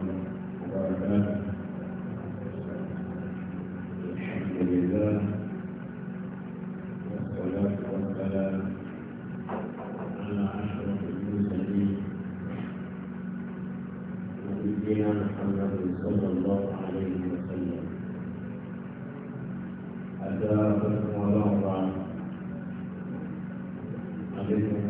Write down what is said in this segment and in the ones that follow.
وبركاته الحمد لله والصلاة والسلام على أشرف المرسلين نبينا محمد صلى الله عليه وسلم أداء الله عليكم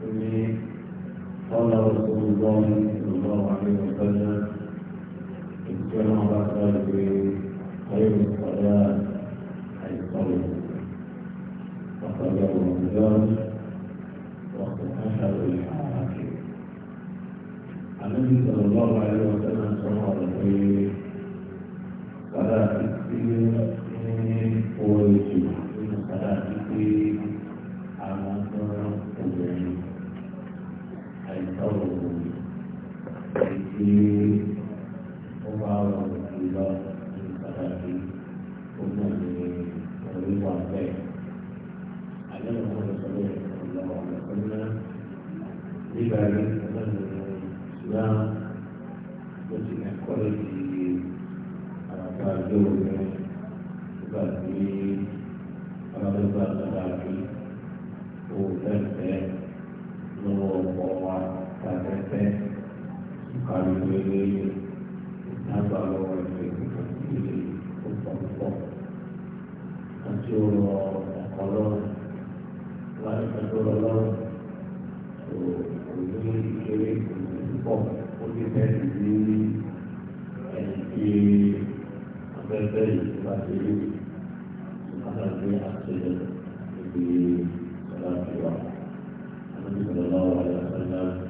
قال رسول الله صلى الله عليه وسلم اذكر على قلبي خير الصلاة أي الصلاة وخير الرجال واختحشر الحاكم النبي صلى الله عليه وسلم صلى الله عليه صلاة كثير من قوة الجمعة صلاة كثير على قلبي lọ́wọ́ èyí ó bá rọrùn jùlọ ní pàtàkì ó mọ̀ ní orí wa bẹ́ẹ̀. Àlẹ́ ìwọ̀n ló sọ́dọ̀ ọ̀la ọ̀la ọ̀la nígbà rí ọ̀la ní ìṣúná ó ti ní ẹ̀kọ́ ìdí àràbà lóore nígbà tí ọlọ́dún bá lọ́dà rí òun fẹ́ẹ́ fẹ́ẹ́ tàbẹ́tẹ́ ìpariwo eléyìí lágbà lọ́wọ́ ìfẹ́ ìfẹ́ ìfẹ́ púpọ̀ àti ọ̀rọ̀ ẹ̀kọ́ lọ́rùn láì fẹ́ lọ́rùn tó òní ìṣeré ìfẹ́ púpọ̀ ó ti fẹ́ sí ẹ̀yìn tí afẹ́fẹ́ yìí bá ti rí àtàgbé àti ìdí ọ̀làjúwà. Alhamdulillah wa rahmatullahi.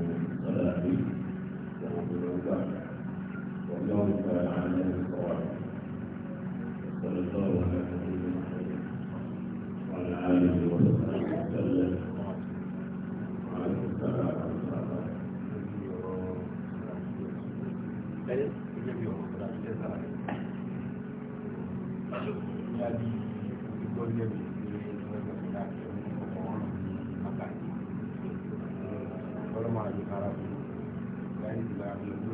àbí ojú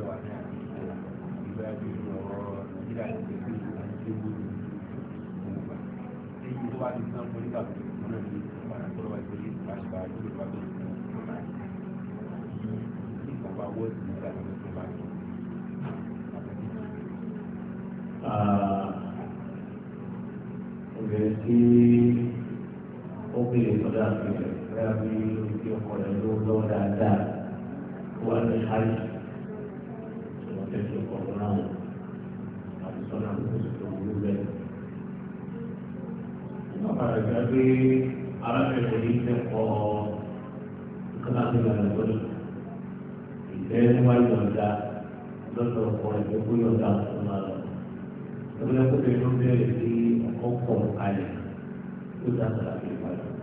pé arábìnrin yìí fẹ́ kọ́ kíláàsì lẹ́nu tó ní. ìfẹ́ níwájú ọ̀dà lọ́dọ̀ ọkọ ẹ̀jẹ̀ kó yọ̀dà tó máa lọ. ìwé kókè ló bẹ̀rẹ̀ sí ọkọ̀ pọ̀ kalẹ̀ tó dábàá àti ìbàdàn.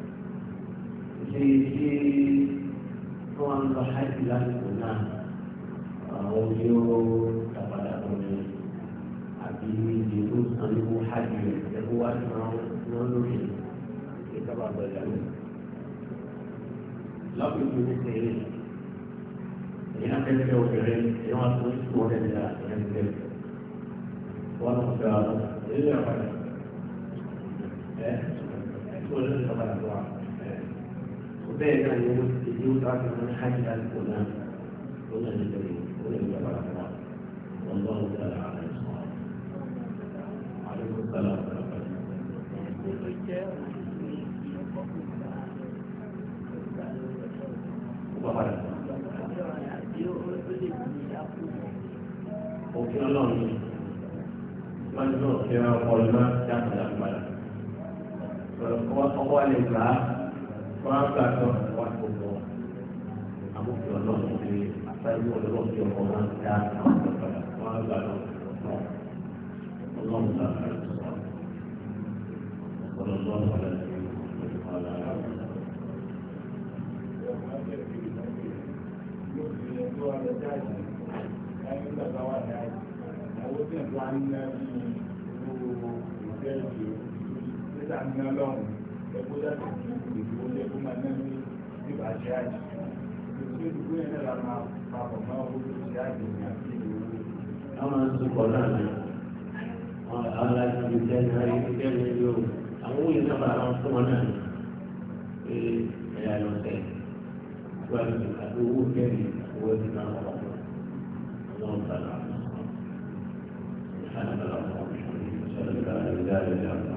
ṣé ṣé tó wà ń lọ ṣáìsì lásìkò náà àwọn yóò dàpadà tó ní àbí ìdí tó sanwó hajj rẹ̀ ẹ̀kọ́ wá sí wọn lórí rẹ̀ sábà lọ́jà rẹ̀. lápẹ̀jù ní sèré èyí náà tẹ́lẹ̀ bẹ́ẹ̀ obìnrin èyí wọn tó ń sùn wọlé ní àyẹ̀ ń tẹ̀lé. wọn lọ fẹ́ ọ èyí yà padà ẹ ẹ tó lè sọ padà tó wa. bẹ́ẹ̀ náà ni wọ́n ti di wọ́n tó wá sí wọn hajj láti kó náà ó náà ní bẹ̀rẹ̀ ó lè gbà padà tó wa. wọ́n lọ́wọ́ sí àlàyé àwọn ẹ̀sán. àdókòtò àlàyé òfin ọlọ́run ni wọ́n ní òfin ọpọlọ náà dáhùn lágbára ọwọ́ lè gbà á wọ́n á gbà tó wọ́n kò bọ̀ àbúkù ọlọ́run ni àtàlù ọlọ́run ti ọkọ̀ náà dá wọ́n á gbà tó ọlọ́run náà ọlọ́run náà. Àwọn asopọ̀ náà ni àwọn aláìsí ìjẹ́ ní ayé ìjẹ́ ní yóò àwọn òye náà bá àwọn fún wọn náà ni. pé ẹ̀yà lọ sẹ́ gbàgbé àti owó kẹ́rin owó ẹ̀sìn náà wọ̀ ọlọ́run tààlà ọ̀sán ìhànà tààlà ọ̀sán ìṣòro ìṣòro ìṣòro ìṣòro ìṣòro